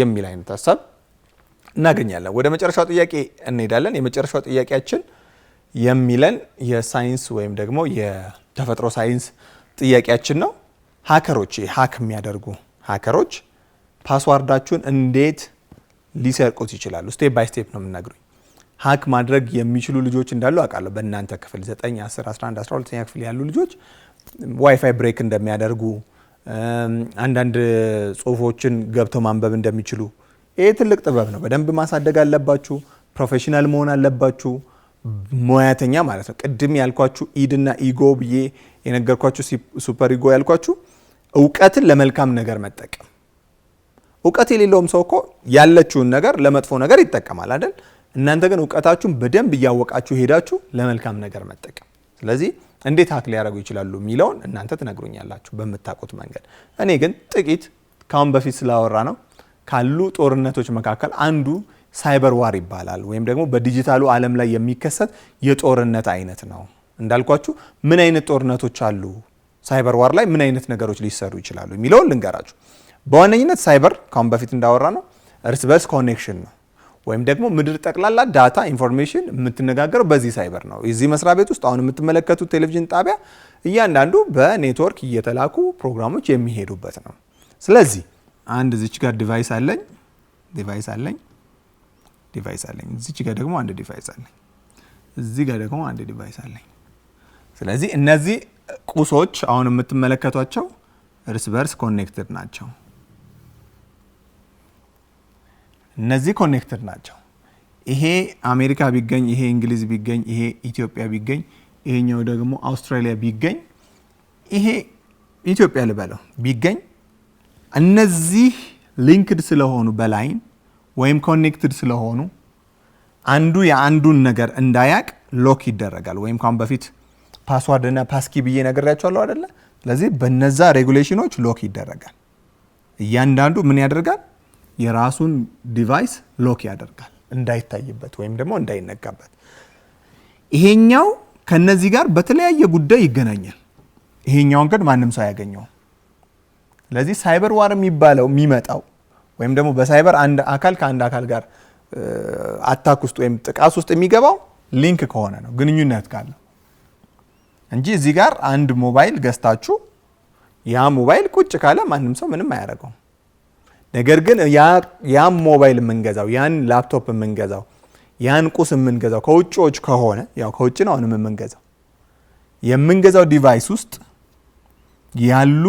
የሚል አይነት ሀሳብ እናገኛለን። ወደ መጨረሻው ጥያቄ እንሄዳለን። የመጨረሻው ጥያቄያችን የሚለን የሳይንስ ወይም ደግሞ የተፈጥሮ ሳይንስ ጥያቄያችን ነው። ሀከሮች ሀክ የሚያደርጉ ሀከሮች ፓስዋርዳችሁን እንዴት ሊሰርቁት ይችላሉ? ስቴፕ ባይ ስቴፕ ነው የምናግሩኝ። ሀክ ማድረግ የሚችሉ ልጆች እንዳሉ አውቃለሁ። በእናንተ ክፍል 9፣ 10፣ 11፣ 12ኛ ክፍል ያሉ ልጆች ዋይፋይ ብሬክ እንደሚያደርጉ አንዳንድ ጽሁፎችን ገብተው ማንበብ እንደሚችሉ ይሄ ትልቅ ጥበብ ነው። በደንብ ማሳደግ አለባችሁ። ፕሮፌሽናል መሆን አለባችሁ፣ ሙያተኛ ማለት ነው። ቅድም ያልኳችሁ ኢድና ኢጎ ብዬ የነገርኳችሁ ሱፐር ኢጎ ያልኳችሁ እውቀትን ለመልካም ነገር መጠቀም። እውቀት የሌለውም ሰው እኮ ያለችውን ነገር ለመጥፎ ነገር ይጠቀማል አይደል? እናንተ ግን እውቀታችሁን በደንብ እያወቃችሁ ሄዳችሁ ለመልካም ነገር መጠቀም ስለዚህ እንዴት ሀክ ሊያደርጉ ይችላሉ የሚለውን እናንተ ትነግሩኛላችሁ በምታውቁት መንገድ። እኔ ግን ጥቂት ከአሁን በፊት ስላወራ ነው ካሉ ጦርነቶች መካከል አንዱ ሳይበር ዋር ይባላል ወይም ደግሞ በዲጂታሉ ዓለም ላይ የሚከሰት የጦርነት አይነት ነው። እንዳልኳችሁ ምን አይነት ጦርነቶች አሉ፣ ሳይበር ዋር ላይ ምን አይነት ነገሮች ሊሰሩ ይችላሉ የሚለውን ልንገራችሁ። በዋነኝነት ሳይበር ከአሁን በፊት እንዳወራ ነው እርስ በርስ ኮኔክሽን ነው ወይም ደግሞ ምድር ጠቅላላ ዳታ ኢንፎርሜሽን የምትነጋገረው በዚህ ሳይበር ነው። እዚህ መስሪያ ቤት ውስጥ አሁን የምትመለከቱት ቴሌቪዥን ጣቢያ እያንዳንዱ በኔትወርክ እየተላኩ ፕሮግራሞች የሚሄዱበት ነው። ስለዚህ አንድ እዚች ጋር ዲቫይስ አለኝ ዲቫይስ አለኝ ዲቫይስ አለኝ እዚች ጋር ደግሞ አንድ ዲቫይስ አለኝ እዚህ ጋር ደግሞ አንድ ዲቫይስ አለኝ። ስለዚህ እነዚህ ቁሶች አሁን የምትመለከቷቸው እርስ በርስ ኮኔክትድ ናቸው። እነዚህ ኮኔክትድ ናቸው። ይሄ አሜሪካ ቢገኝ፣ ይሄ እንግሊዝ ቢገኝ፣ ይሄ ኢትዮጵያ ቢገኝ፣ ይሄኛው ደግሞ አውስትራሊያ ቢገኝ፣ ይሄ ኢትዮጵያ ልበለው ቢገኝ እነዚህ ሊንክድ ስለሆኑ በላይን ወይም ኮኔክትድ ስለሆኑ አንዱ የአንዱን ነገር እንዳያቅ ሎክ ይደረጋል። ወይም ካሁን በፊት ፓስዋርድ እና ፓስኪ ብዬ ነግሬያቸዋለሁ አደለ ስለዚህ በነዛ ሬጉሌሽኖች ሎክ ይደረጋል። እያንዳንዱ ምን ያደርጋል? የራሱን ዲቫይስ ሎክ ያደርጋል እንዳይታይበት ወይም ደግሞ እንዳይነጋበት። ይሄኛው ከነዚህ ጋር በተለያየ ጉዳይ ይገናኛል። ይሄኛውን ግን ማንም ሰው አያገኘውም። ስለዚህ ሳይበር ዋር የሚባለው የሚመጣው ወይም ደግሞ በሳይበር አንድ አካል ከአንድ አካል ጋር አታክ ውስጥ ወይም ጥቃት ውስጥ የሚገባው ሊንክ ከሆነ ነው፣ ግንኙነት ካለው እንጂ እዚህ ጋር አንድ ሞባይል ገዝታችሁ ያ ሞባይል ቁጭ ካለ ማንም ሰው ምንም አያደርገውም። ነገር ግን ያን ሞባይል የምንገዛው ያን ላፕቶፕ የምንገዛው ያን ቁስ የምንገዛው ከውጭዎች ከሆነ ያው ከውጭ ነው አሁንም የምንገዛው የምንገዛው ዲቫይስ ውስጥ ያሉ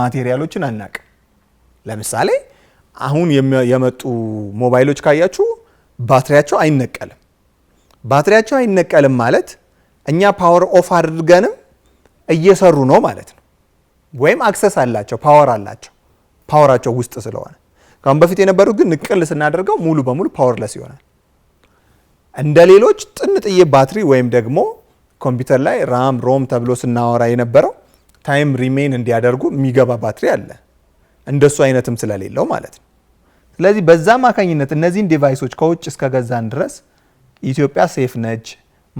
ማቴሪያሎችን አናቅ። ለምሳሌ አሁን የመጡ ሞባይሎች ካያችሁ ባትሪያቸው አይነቀልም። ባትሪያቸው አይነቀልም ማለት እኛ ፓወር ኦፍ አድርገንም እየሰሩ ነው ማለት ነው። ወይም አክሰስ አላቸው፣ ፓወር አላቸው። ፓወራቸው ውስጥ ስለሆነ ከአሁን በፊት የነበሩት ግን ንቅል ስናደርገው ሙሉ በሙሉ ፓወርለስ ይሆናል። እንደ ሌሎች ጥንጥዬ ባትሪ ወይም ደግሞ ኮምፒውተር ላይ ራም ሮም ተብሎ ስናወራ የነበረው ታይም ሪሜን እንዲያደርጉ የሚገባ ባትሪ አለ፣ እንደሱ አይነትም ስለሌለው ማለት ነው። ስለዚህ በዛ አማካኝነት እነዚህን ዲቫይሶች ከውጭ እስከገዛን ድረስ ኢትዮጵያ ሴፍ ነች፣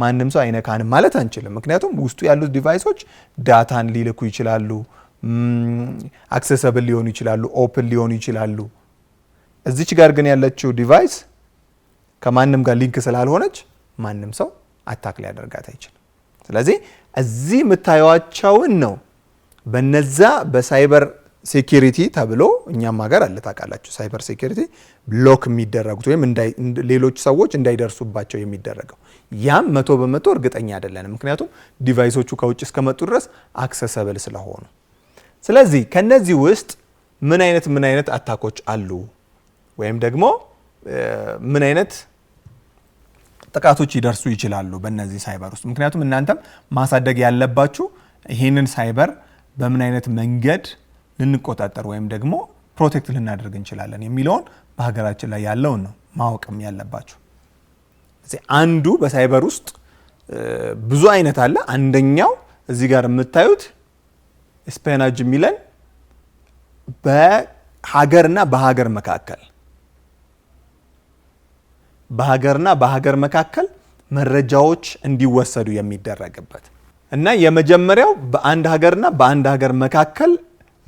ማንም ሰው አይነካንም ማለት አንችልም። ምክንያቱም ውስጡ ያሉት ዲቫይሶች ዳታን ሊልኩ ይችላሉ። አክሰሰብል ሊሆኑ ይችላሉ፣ ኦፕን ሊሆኑ ይችላሉ። እዚች ጋር ግን ያለችው ዲቫይስ ከማንም ጋር ሊንክ ስላልሆነች ማንም ሰው አታክ ሊያደርጋት አይችልም። ስለዚህ እዚህ የምታዩዋቸውን ነው በነዛ በሳይበር ሴኪሪቲ ተብሎ እኛም ሀገር አለ ታውቃላችሁ። ሳይበር ሴኪሪቲ ብሎክ የሚደረጉት ወይም ሌሎች ሰዎች እንዳይደርሱባቸው የሚደረገው ያም መቶ በመቶ እርግጠኛ አይደለንም። ምክንያቱም ዲቫይሶቹ ከውጭ እስከመጡ ድረስ አክሰሰብል ስለሆኑ ስለዚህ ከነዚህ ውስጥ ምን አይነት ምን አይነት አታኮች አሉ ወይም ደግሞ ምን አይነት ጥቃቶች ይደርሱ ይችላሉ በእነዚህ ሳይበር ውስጥ። ምክንያቱም እናንተም ማሳደግ ያለባችሁ ይህንን ሳይበር በምን አይነት መንገድ ልንቆጣጠር ወይም ደግሞ ፕሮቴክት ልናደርግ እንችላለን የሚለውን በሀገራችን ላይ ያለውን ነው ማወቅም ያለባችሁ። አንዱ በሳይበር ውስጥ ብዙ አይነት አለ። አንደኛው እዚህ ጋር የምታዩት ስፔናጅ የሚለን በሀገርና በሀገር መካከል በሀገርና በሀገር መካከል መረጃዎች እንዲወሰዱ የሚደረግበት እና የመጀመሪያው በአንድ ሀገርና በአንድ ሀገር መካከል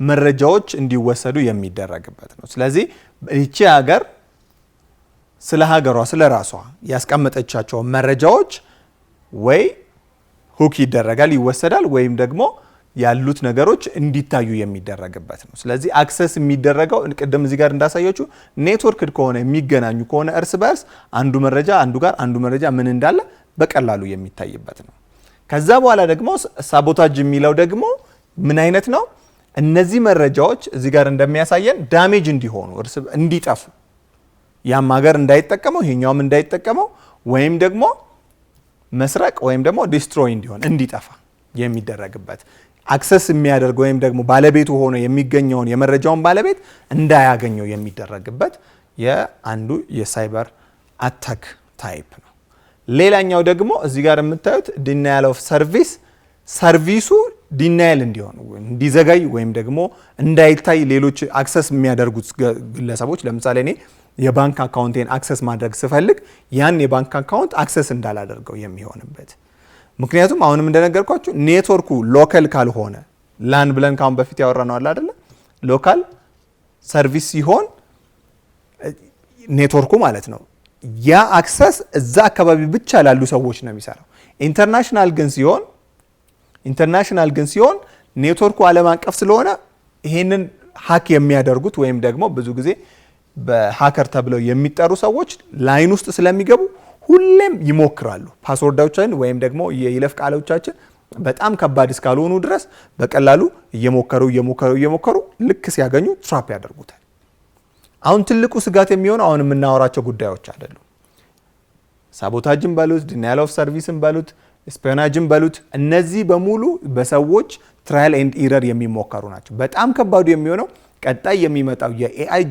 መረጃዎች እንዲወሰዱ የሚደረግበት ነው። ስለዚህ ይቺ ሀገር ስለ ሀገሯ ስለ ራሷ ያስቀመጠቻቸው መረጃዎች ወይ ሁክ ይደረጋል ይወሰዳል፣ ወይም ደግሞ ያሉት ነገሮች እንዲታዩ የሚደረግበት ነው። ስለዚህ አክሰስ የሚደረገው ቅድም እዚህ ጋር እንዳሳያችሁ ኔትወርክ ከሆነ የሚገናኙ ከሆነ እርስ በርስ አንዱ መረጃ አንዱ ጋር አንዱ መረጃ ምን እንዳለ በቀላሉ የሚታይበት ነው። ከዛ በኋላ ደግሞ ሳቦታጅ የሚለው ደግሞ ምን አይነት ነው? እነዚህ መረጃዎች እዚህ ጋር እንደሚያሳየን ዳሜጅ እንዲሆኑ እንዲጠፉ ያም ሀገር እንዳይጠቀመው ይሄኛውም እንዳይጠቀመው ወይም ደግሞ መስረቅ ወይም ደግሞ ዲስትሮይ እንዲሆን እንዲጠፋ የሚደረግበት አክሰስ የሚያደርግ ወይም ደግሞ ባለቤቱ ሆኖ የሚገኘውን የመረጃውን ባለቤት እንዳያገኘው የሚደረግበት የአንዱ የሳይበር አታክ ታይፕ ነው። ሌላኛው ደግሞ እዚህ ጋር የምታዩት ዲናያል ኦፍ ሰርቪስ ሰርቪሱ ዲናያል እንዲሆን እንዲዘጋይ ወይም ደግሞ እንዳይታይ ሌሎች አክሰስ የሚያደርጉት ግለሰቦች ለምሳሌ እኔ የባንክ አካውንቴን አክሰስ ማድረግ ስፈልግ ያን የባንክ አካውንት አክሰስ እንዳላደርገው የሚሆንበት ምክንያቱም አሁንም እንደነገርኳችሁ ኔትወርኩ ሎከል ካልሆነ ላን ብለን ካሁን በፊት ያወራ ነው አለ አደለ ሎካል ሰርቪስ ሲሆን ኔትወርኩ ማለት ነው። ያ አክሰስ እዛ አካባቢ ብቻ ላሉ ሰዎች ነው የሚሰራው። ኢንተርናሽናል ግን ሲሆን ኢንተርናሽናል ግን ሲሆን ኔትወርኩ ዓለም አቀፍ ስለሆነ ይሄንን ሀክ የሚያደርጉት ወይም ደግሞ ብዙ ጊዜ በሀከር ተብለው የሚጠሩ ሰዎች ላይን ውስጥ ስለሚገቡ ሁሌም ይሞክራሉ። ፓስወርዳዎችን ወይም ደግሞ የይለፍ ቃሎቻችን በጣም ከባድ እስካልሆኑ ድረስ በቀላሉ እየሞከሩ እየሞከሩ እየሞከሩ ልክ ሲያገኙ ትራፕ ያደርጉታል። አሁን ትልቁ ስጋት የሚሆነው አሁን የምናወራቸው ጉዳዮች አይደሉም። ሳቦታጅን በሉት ዲናይል ኦፍ ሰርቪስን በሉት ስፒዮናጅን በሉት እነዚህ በሙሉ በሰዎች ትራያል ኤንድ ኢረር የሚሞከሩ ናቸው። በጣም ከባዱ የሚሆነው ቀጣይ የሚመጣው የኤአይ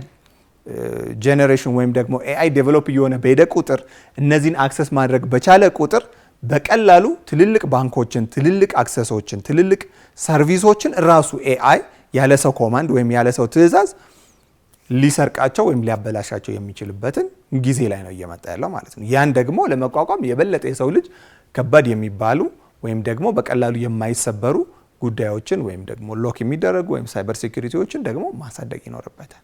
ጄኔሬሽን ወይም ደግሞ ኤአይ ዴቨሎፕ እየሆነ በሄደ ቁጥር እነዚህን አክሰስ ማድረግ በቻለ ቁጥር በቀላሉ ትልልቅ ባንኮችን፣ ትልልቅ አክሰሶችን፣ ትልልቅ ሰርቪሶችን ራሱ ኤአይ ያለ ሰው ኮማንድ ወይም ያለ ሰው ትዕዛዝ ሊሰርቃቸው ወይም ሊያበላሻቸው የሚችልበትን ጊዜ ላይ ነው እየመጣ ያለው ማለት ነው። ያን ደግሞ ለመቋቋም የበለጠ የሰው ልጅ ከባድ የሚባሉ ወይም ደግሞ በቀላሉ የማይሰበሩ ጉዳዮችን ወይም ደግሞ ሎክ የሚደረጉ ወይም ሳይበር ሴኩሪቲዎችን ደግሞ ማሳደግ ይኖርበታል።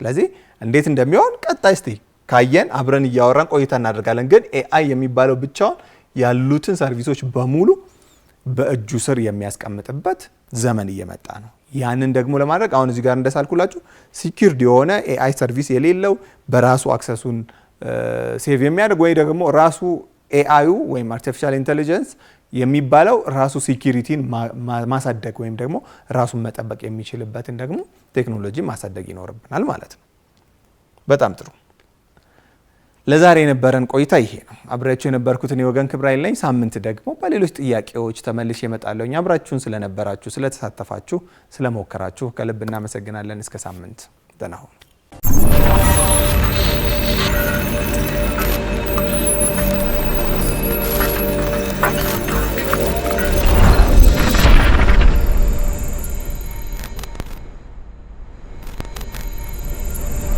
ስለዚህ እንዴት እንደሚሆን ቀጣይ እስቲ ካየን አብረን እያወራን ቆይታ እናደርጋለን። ግን ኤአይ የሚባለው ብቻውን ያሉትን ሰርቪሶች በሙሉ በእጁ ስር የሚያስቀምጥበት ዘመን እየመጣ ነው። ያንን ደግሞ ለማድረግ አሁን እዚህ ጋር እንደሳልኩላችሁ ሲኪርድ የሆነ ኤአይ ሰርቪስ የሌለው በራሱ አክሰሱን ሴቭ የሚያደርግ ወይ ደግሞ ራሱ ኤአዩ ወይም አርቲፊሻል ኢንቴሊጀንስ የሚባለው ራሱ ሴኪሪቲን ማሳደግ ወይም ደግሞ ራሱን መጠበቅ የሚችልበትን ደግሞ ቴክኖሎጂ ማሳደግ ይኖርብናል ማለት ነው። በጣም ጥሩ። ለዛሬ የነበረን ቆይታ ይሄ ነው። አብሬያችሁ የነበርኩትን የወገን ክብራይል ነኝ። ሳምንት ደግሞ በሌሎች ጥያቄዎች ተመልሼ እመጣለሁኝ። አብራችሁን ስለነበራችሁ፣ ስለተሳተፋችሁ፣ ስለሞከራችሁ ከልብ እናመሰግናለን። እስከ ሳምንት ደህና ሁኑ።